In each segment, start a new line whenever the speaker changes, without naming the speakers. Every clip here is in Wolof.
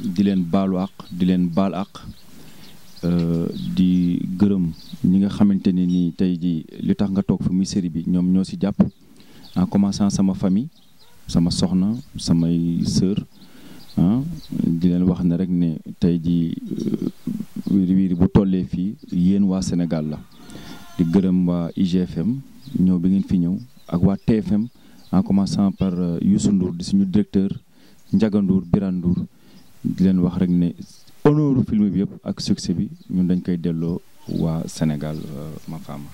di len balu ak di len bal ak euh, di gërëm ñi nga xamanteni ni tay ji li tax nga tok fu mi série bi ñom ñoo si jàpp en commençant sama famille sama soxna sama sœur hein ah, di len wax ne rek ne tay ji euh, bu fi yeen wa Sénégal la di gërëm wa IGFM ñëw bi ngeen fi ñew ak wa TFM en commençant par euh, Youssou di suñu directeur njagandour birandour di leen wax rek ne honneur film bi yëpp ak succès bi ñun dañ koy delloo waa Sénégal euh, ma faama.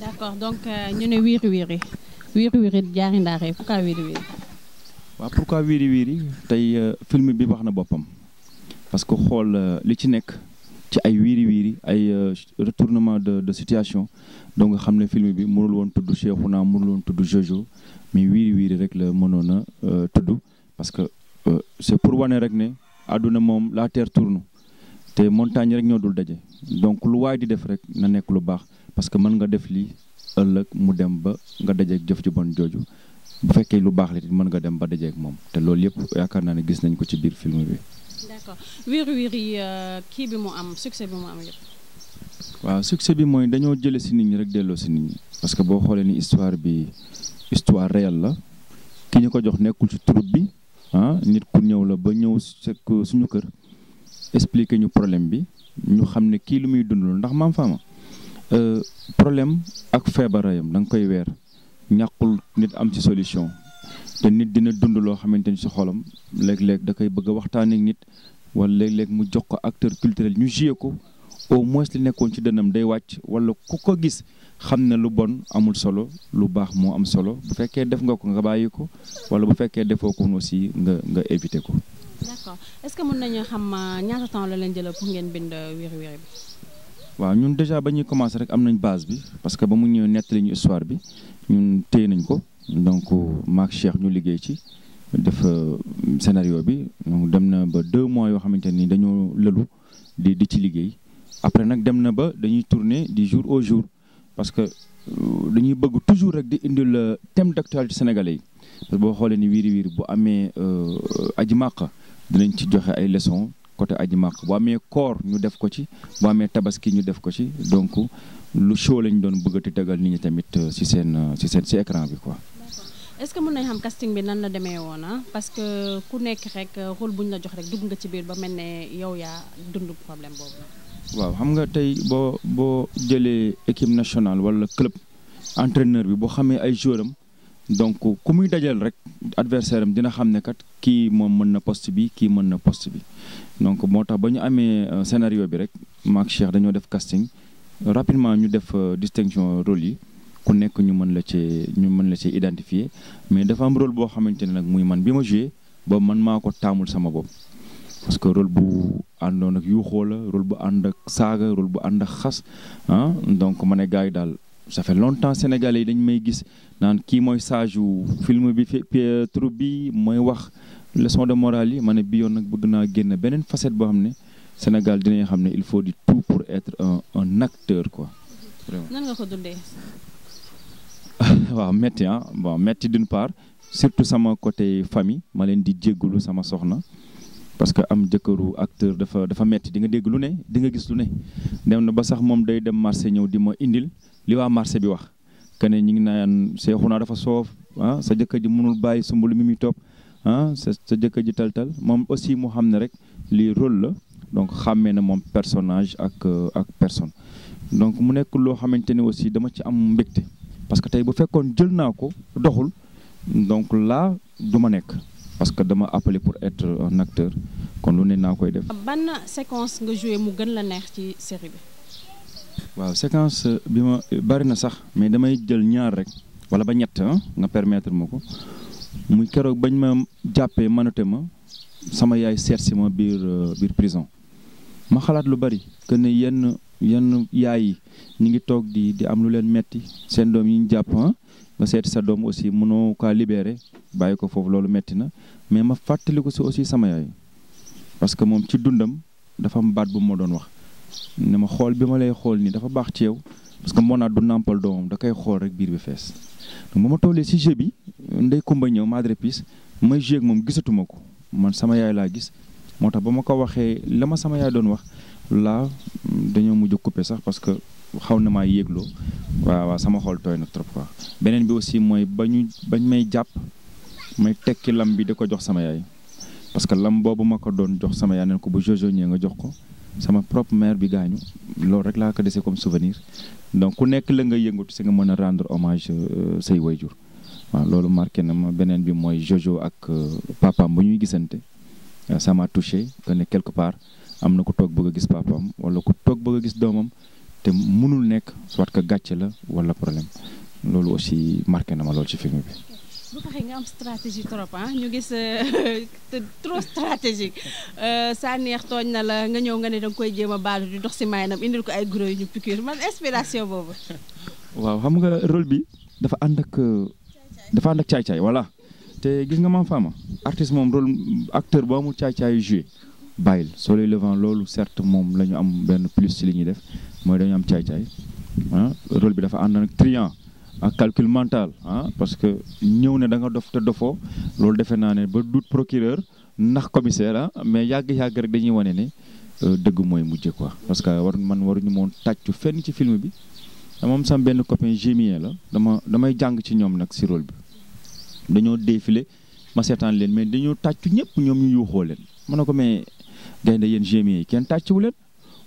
d'accord donc euh, ñu ne Wiri Wiri Wiri Wiri jaari ndaare pourquoi Wiri Wiri.
waaw pourquoi Wiri Wiri tey euh, film bi wax na boppam parce que xool li ci nekk ci ay wiiri wiiri ay retournement de de situation donc xam ne film bi mënul woon tudd Cheikhouna mënul woon tudd Jojo mais wiiri wiiri rek la mënoon a tudd parce que c'est pour wane rek ne. aduna mom la terre tourne te montagne rek ñodul dajé donc lu way di def rek na nek lu bax parce que man nga def li ëlëk mu dem ba nga ak jëf ci bon joju bu féké lu bax li man nga dem ba ak mom te lool yépp yaakaar na ne gis nañ ko ci biir film bi.
d'accord Wiri Wiri euh, ki bi mu am succès bi mu am yépp
wa succès bi moy dañu jële ci nit ñi rek délo ci nit ñi parce que bo xolé ni histoire bi histoire réelle la ki ñu ko jox nekul ci troupe bi. ah nit ku ñëw la ba ñëw fekk suñu kër expliquer ñu problème bi ñu xam ne kii lu muy dundul ndax maam faama euh, problème ak feebarayam da nga koy weer ñàkkul nit am ci solution te nit dina dund loo xamante ni si xolam léeg-léeg da koy bëgg a waxtaan nit wala léeg-léeg mu jox ko acteur culturel ñu joué ko au mois li nekkoon ci dënam day wàcc wala ku ko gis xam ne lu bon amul solo lu baax moo am solo bu fekkee def nga ko nga bàyyi ko wala bu fekkee defoo ko aussi nga nga éviter ko.
d'accord est-ce que mën nañu xam euh, ñaata temps la leen jëlee pour ngeen bind wiri euh, wiri bi.
waaw ñun déjà ba ñuy commencé rek am nañ base bi parce que ba mu ñëw nettali ñu histoire bi ñun téye nañ ko donc euh, maak Cheikh ñu liggéey ci def scénario bi donc dem na ba deux mois yoo xamante ni dañoo lëlu di di ci liggéey. après nag dem na ba dañuy tourner du jour au jour parce que euh, dañuy bëgg toujours rek di indil le thème d'actualité sénégalais yi parce boo xoolee ni wiiri wiiri bu amee euh, aji màq dinañ ci joxe ay leçons côté aji màq bu amee koor ñu def ko ci boo amee tabaski ñu def ko ci donc lu show lañ doon bëgg a tegal nit ñi tamit si euh, seen si seen si écran bi quoi.
est-ce que mën demee woon ah parce que ku nekk rek rôle bu ñu la jox rek dugg nga ci biir ba mel ne yow yaa dund problème boobu.
waaw xam nga tey boo boo jëlee équipe nationale wala club entraîneur bi boo xamee ay joueur am donc ku muy dajal rek adversaire am dina xam ne kat kii moom mën na poste bi kii mën na poste bi donc moo tax ba ñu amee euh, scénario bi rek maak Cheikh dañoo def casting rapidement ñu def euh, distinction rôle yi ku nekk ñu mën la cee ñu mën la cee identifier mais dafa am rôle boo xamante ne nag muy man bi ma joué ba man maa ko taamul sama bopp. parce que rôle bu àndoon ak yuuxoo la rôle bu and ak saga rôle bu and ak xas ah donc mané ne dal ça fait longtemps sénégalais yi dañ may gis nan ki moy sage film bi euh, troupe bi moy wax leçon de morale mané ma ne bi yoon nag bëgg na génn benen facette bo xamné Sénégal dinañ xamné il faut du tout pour être un un acteur quoi.
vraiment nan nga ko dundé
waaw metti hein bon metti d'une part surtout sama côté famille ma len di jéggulu sama soxna. parce que am jëkkëru acteur dafa dafa metti di nga dégg lu ne di nga gis lu ne dem na ba sax moom day dem marché ñëw di ma indil li waa marché bi wax que ñu ngi naan naa dafa soof ah sa jëkkër ji mënul bàyyi sumbulu mi muy topp ah sa sa jëkkër ji tal tal moom aussi mu xam ne rek lii rôle la donc xàmmee na moom personnage ak ak personne donc mu nekk loo xamante ne aussi dama ci am mbégte parce que tey bu fekkoon jël naa ko doxul donc là du ma nekk parce que dama appelé pour être un acteur kon lu ne naa koy def.
ban séquence nga joué mu gën la neex ci série bi.
waaw séquence bi ma bari na sax mais damay jël ñaar rek wala ba ñett hein, nga permettre ma ko muy keroog bañ ma jàppee manote ma sama yaay seet si ma biir euh, biir prison ma xalaat lu bari que ne yenn. yenn yaay yi ñu ngi toog di di am lu leen metti seen doom yi ñu jàpp nga ah, seeti sa doom aussi mënoo kaa libéré bàyyi ko foofu loolu metti na mais ma fàttali ko si aussi sama yaay parce que moom ci dundam dafa am baat bu ma doon wax ne ma xool bi ma lay xool nii dafa baax ci yow que moo naat du nàmpal doomam da koy xool rek biir bi fees donc ba ma tollee si jeu bi ndey kumba ñëw Madre Pis may jéeg moom gisatuma ko man sama yaay laa gis moo tax ba ma ko waxee la ma sama yaay doon wax là dañoo mujj coupé sax parce que xaw na maa yéegloo waaw waaw sama xool tooy na trop quoi beneen bi aussi mooy ba ñu bañ may jàpp may tekki lam bi da ko jox sama yaay parce que lam boobu ma ko doon jox sama yaay neen ko bu jojo ñee nga jox ko sama propre mère bi gaañu loolu rek laa ko desee comme souvenir donc ku nekk la nga yëngatu si nga mën a rendre hommage euh, say wayjur waaw loolu marqué na ma beneen bi mooy jojo ak euh, papaam ba ñuy gisante sama m'a ne quelque am na ko toog bëgg a gis papaam wala ku toog bëgg gis doomam te mënul nekk soit que gàcce la wala problème loolu aussi marqué na ma loolu ci film bi.
bu taxee nga ah? ñu gis euh, trop stratégique euh, sa neex tooñ na la nga ñëw nga ne danga koy jéem a baalu di dox si maanaam indil ko ay guro yu ñu piqûre man inspiration boobu.
waaw xam nga rôle bi dafa ànd ak euh, dafa ànd ak caay-caay voilà te gis nga maam Fama artiste moom rôle acteur boo amul caay-caay yu bàyyil soleil levant loolu certes moom la ñu am benn plus ci li ñuy def mooy dañu am caay-caay ah rôle bi dafa ànd nag triant ak calcul mental ah parce que ñëw ne da nga dof te dofoo loolu defe naa ne ba dut procureur ndax commissaire ah mais yàgg-yàgg rek dañuy wane ne euh, dëgg mooy mujj koi parce que war man waruñu moon tàccu fenn ci film bi dama am sam benn copain gémien la dama damay jàng ci ñoom nag si role bi dañoo défilé ma seetaan leen mais dañoo tàccu ñëpp ñoom ñu yuuxoo leen gaynde yéen GMA yi kenn tàccewu leen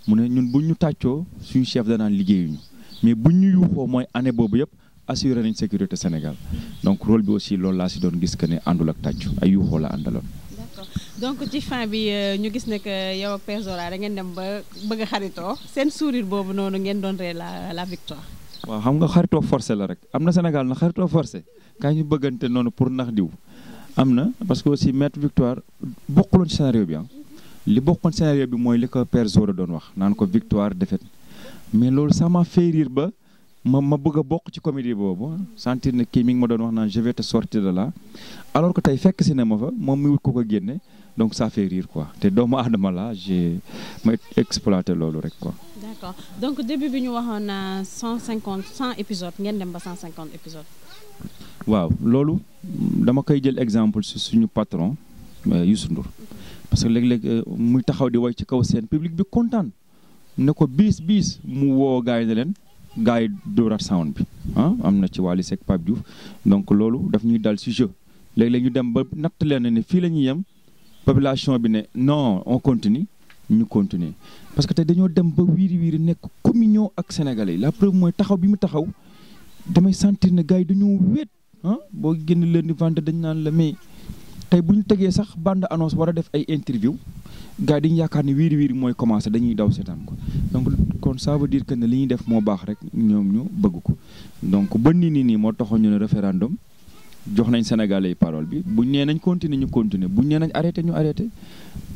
mu ne ñun bu ñu tàccoo suñu chef danaan liggéeyuñu mais bu ñu yuuxoo mooy anne boobu yëpp assuré nañ sécurité Sénégal donc rôle bi aussi loolu laa si doon gis que ne àndul ak tàccu ay yuuxoo la àndaloon.
d'accord donc ci fin bi euh, ñu gis ne que yow ak Père Zora ngeen dem ba bëgg a xaritoo seen sourire boobu noonu ngeen doon ree la la victoire.
waaw xam nga xaritoo forcé la rek am na Sénégal na xaritoo forcé kaa ñu bëggante noonu pour nax diw am na parce que aussi maître victoire bokkul woon ci bi ah. li bokkoon scénario bi moy li ko père Zoro doon wax nan ko victoire défaite mais loolu ça m'a fait rire ba ma ma bëgg a bokk ci comédie bobu sentir ne kii mi ngi ma doon wax naan je vais te sortir de là alors que tay fekk si ne ma fa mom mi wut ko ko génne donc ça fait rire quoi te doomu adama la j'ai may exploité loolu rek quoi.
d'accord donc début bi ñu waxoon 150 euh, 100 épisodes ngeen dem ba 150 épisodes.
waaw loolu dama koy jël exemple si suñu patron euh, Youssou Ndour parce que léeg-léeg euh, muy taxaw di way ci kaw seen public bi kontaan ne ko biis biis mu woo gars yi ne leen gars yi dóoraat sound bi ah am na ci Wally Seck Pape Diouf donc loolu daf ñuy dal si jeu léeg-léeg ñu dem ba natt leen ne fii la ñuy yem population bi ne non on continue ñu continuer parce que tey dañoo dem ba wiiri wiiri nekk communion ak sénégalais la preuve mooy taxaw bi mu taxaw damay sentir ne gars yi wéet ah, boo génn leen di vente dañu naan la mais tey bu ñu tegee sax bande annonce war a def ay interview gars yi dañuy yaakaar ne wiiri wiiri mooy commencé dañuy daw seetaan ko donc kon ça veut dire que ne li def moo baax rek ñoom ñu bëgg ko donc ba nii nii nii moo taxoon ñu ne référendum jox nañ Sénégalais yi parole bi buñ nee nañ continuer ñu continuer buñ nee nañ arrêté ñu arrêté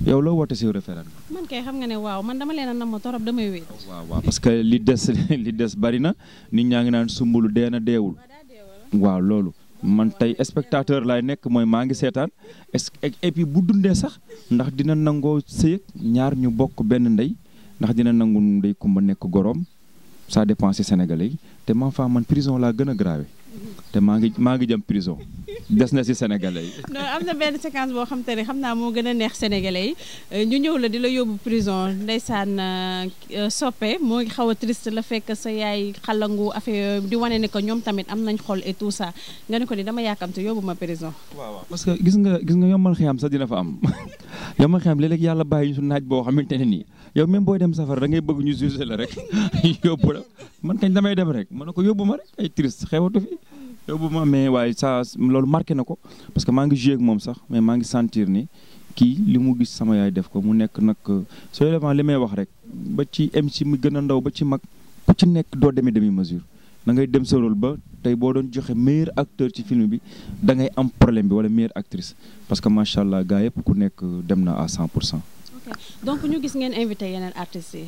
yow loo woote si référendum.
man kay xam nga ne waaw man dama leen a namm torop damay wéet. waaw
waaw parce que li des li des bari na nit ñaa ngi naan sumbulu dee na deewul. waaw loolu. man tey spectateur laay nekk mooy maa ngi seetaan est et puis bu dundee sax ndax dina nangoo sëyëg ñaar ñu bokk benn ndey ndax dina nangu ndey kumba nekk goroom sa dépend si sénégalais yi te man faa man prison laa gën a grave te maa ngi maa ngi jëm prison des na si sénégalais yi.
non am na benn sequence boo xam te ne xam naa moo gën a neex sénégalais yi ñu ñëw la di la yóbbu prison ndeysaan euh, euh, soppe moo ngi xaw a triste la fekk sa yaay xalangu affaire di wane ne que ñoom tamit am nañ xol et tout ça nga ne ko ni dama yàkkamte yóbbu ma prison.
waaw waaw parce que gis nga gis nga yombal xiyam sax dina fa am yombal xiyam léeg-léeg yàlla bàyyi ñu su naaj boo xamante ne nii yow même booy dem safara da ngay bëgg ñu jugé la rek yóbbu la mën kañ damay dem rek mën na ko yóbbu ma rek ay triste xewatu fi yóbbu ma mais waaye ça loolu marqué na ko parce que maa ngi joué ak moom sax mais maa ngi sentir ni kii li mu gis sama yaay def ko mu nekk nag soo devant li may wax rek ba ci MC mi gën a ndaw ba ci mag ku ci nekk doo demee demi mesure da ngay dem sa ba tey boo doon joxe meilleur acteur ci film bi dangay ngay am problème bi wala meilleure actrice parce que macha allah gaa yëpp ku nekk dem na à 100 pour cent.
donc ñu gis ngeen invité yeneen artistes yi.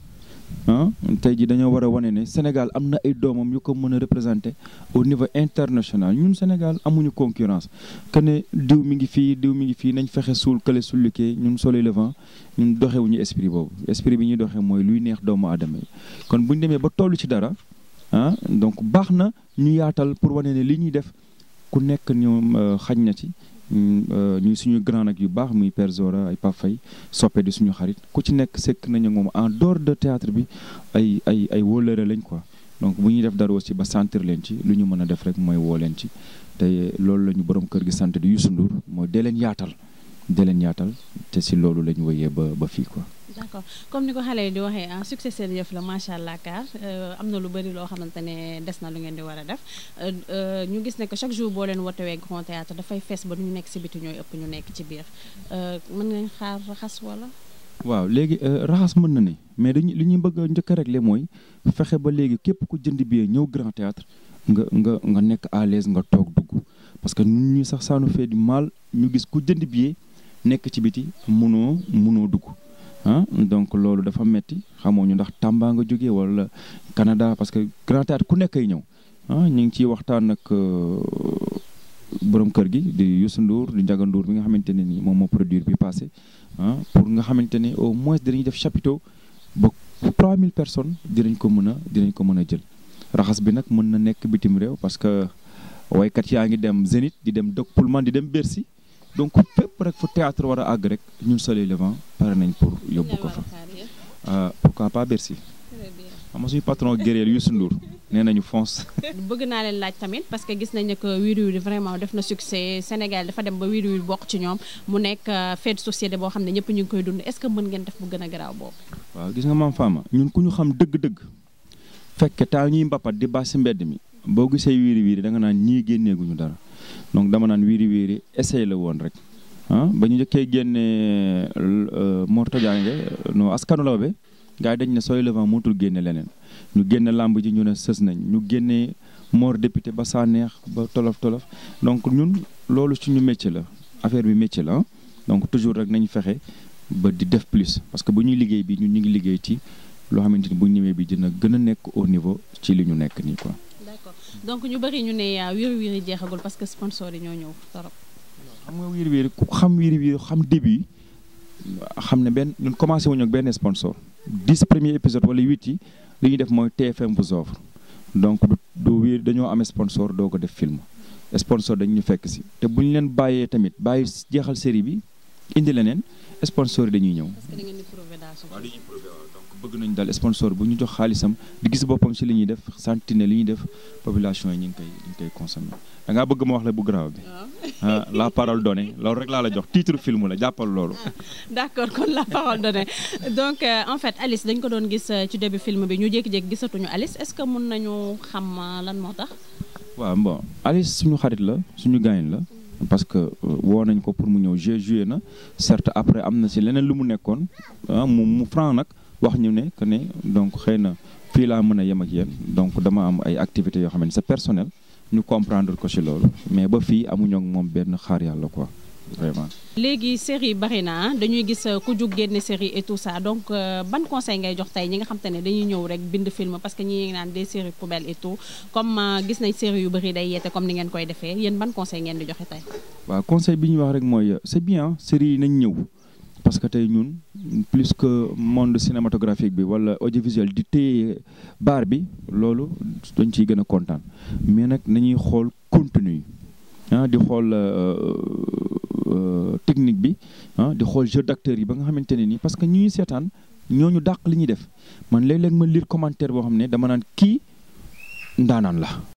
ah tey jii dañoo war a wane ne Sénégal am na ay doomam yu ko mën a représenté au niveau international ñun Sénégal amuñu concurrence que ne diw mi ngi fii diw mi ngi fii nañ fexe suul kële sullikee ñun Soleil vent ñun doxewuñu esprit boobu esprit bi ñuy doxee mooy luy neex doomu aadama yi kon buñ ñu demee ba toll ci dara ah donc baax na ñu yaatal pour wane ne li ñuy def ku nekk ñoom euh, xaj na ci Mm, euh, ñuy suñu grand nag yu baax muy Père ay Pape Faye soppe di suñu xarit ku ci nekk sekk nañu moom en dehors de théâtre bi ay ay ay wóllëre lañ quoi donc bu ñuy def dara aussi ba sentir leen ci lu ñu mën a def rek mooy woo leen ci te loolu la ñu borom kër gi sant di Youssou Ndour mooy dee leen yaatal dee leen yaatal te si loolu lañu ñu wëyee ba ba fii quoi
d' accord comme ni ko xale yi di waxee ah succès seen yëf la macha allah euh, am na lu bari loo xamante ne des na lu ngeen di war a def euh, euh, ñu gis ne que chaque jour boo leen wootewee grand théâtre dafay fees ba ñu nekk si biti ñooy ëpp ñu nekk ci biir mën nañ xaar raxas wala.
waaw léegi raxas mën na ne mais dañu li ñuy bëgg a njëkk a mooy fexe ba léegi képp ku jënd billet ñëw grand nga nga nga nekk à l'aise nga toog dugg parce que ñun ñuy sax saanu fee di mal ñu gis ku jënd billet nekk ci biti mënoo mënoo dugg. ah donc loolu dafa metti xamoo ñu ndax Tamba nga jógee wala Canada parce que Grand Théâtre ku nekk ay ñëw ah ñu ngi ciy waxtaan ak euh, borom kër gi di Youssou Ndour di Ndiaga Ndour bi nga xamante ne ni moom moo produire bi passé ah pour nga xamante ne au moins dinañ def chapiteau ba 3000 personnes dinañ ko mën a dinañ ko mën a jël raxas bi nag mën na nekk bitim réew parce que waykat yaa ngi dem Zénith di dem Dock Pullman di dem bersi donc fépp rek fu théâtre wara ag rek ñun Soleil Levant paré nañ pour yobbu ko fa euh, pourquoi pas Bercy xam nga suñu patron guerrier Youssou Ndour nee nañu fonce
bëgg naa leen laaj tamit parce que gis nañ ne que Wiiri Wiiri vraiment def na succès Sénégal dafa dem ba Wiiri Wiiri bokk ci ñoom mu nekk euh, fête société boo xam ne ñëpp ñu ngi koy dund est-ce que mën ngeen def bu gën a garaaw boobu
waaw gis nga maam Fama ñun ku ñu xam dëgg-dëgg fekke taa ñuy mbappat di baax mbedd mi boo gisee Wiiri Wiiri da nga naan ñii génneeguñu dara donc dama naan wiiri wiiri essayé la woon rek ah ba ñu njëkkee génne euh, Mor Tadiange no askanu lawbe gars yi dañ ne Soleil Levant mootul génne leneen ñu génne làmb ji ñu ne sës nañ ñu génnee moor député ba Saneex ba tolof tolof donc ñun loolu ci ñu métier la affaire bi métier la ah. donc toujours rek nañu fexe ba di def plus parce que bu ñuy liggéey bi ñu ñu ngi liggéey ci loo xamante ni bu ñëwee bi dina gën a nekk au niveau ci li ñu nekk nii quoi.
donc ñu bëri ñu ne euh, Wiri Wiri jeexagul parce que sponsor yi ñoo ñëw torop
xam nga Wiri wiir ku xam Wiri Wiri xam début xam ne benn ñun commencé wuñu ak benn sponsor dix premier épisode wala huit yi li ñuy def mooy TFM vous offre donc du wii dañoo am sponsor doo ko def film sponsor dañ ñu fekk si te bu ñu leen bàyyee tamit bàyyi jeexal série bi indi leneen sponsor yi dañuy ñëw. bëgg nañ dal sponsor bu population la grave ah. ah, la parole donnée rek film
d'accord la parole donnée donc euh, en fait Alice dañ ko doon gis euh, ci début film bi Alice est-ce que mën nañu xam euh, lan
bon Alice suñu xarit la suñu gaañ la. parce que woo nañ ko pour mu na certes après leneen lu mu ah, wax ñu ne que ne donc xëy na fii laa mën a yem ak yéen donc dama am ay activités yoo xam ne sa personnel ñu comprendre ko ci loolu mais ba fii amuñu moom benn xaar yàlla quoi vraiment.
léegi série bari na dañuy gis euh, ku jug génne série et tout ça donc euh, ban conseil ngay jox tey ñi nga xam te ne dañuy ñëw rek bind film parce que ñi ngi naan des séries poubelles et tout comme euh, gis nañ série yu bari day yeete comme ni ngeen koy defee yéen ban conseil ngeen di joxe tey.
waaw conseil bi wax rek mooy c'est bien série yi nañ ñëw. parce que tey ñun plus que monde cinématographique bi wala audiovisuel di téye baar bi loolu dañ ciy gën a kontaan mais nag nañuy xool continue ah di xool euh, euh, technique bi ah di xool jeu d'acteur yi ba nga xamante ne nii parce que ñuy seetaan ñooñu dàq li ñuy def man léeg-léeg ma liir commentaire boo xam ne dama naan kii ndaanaan la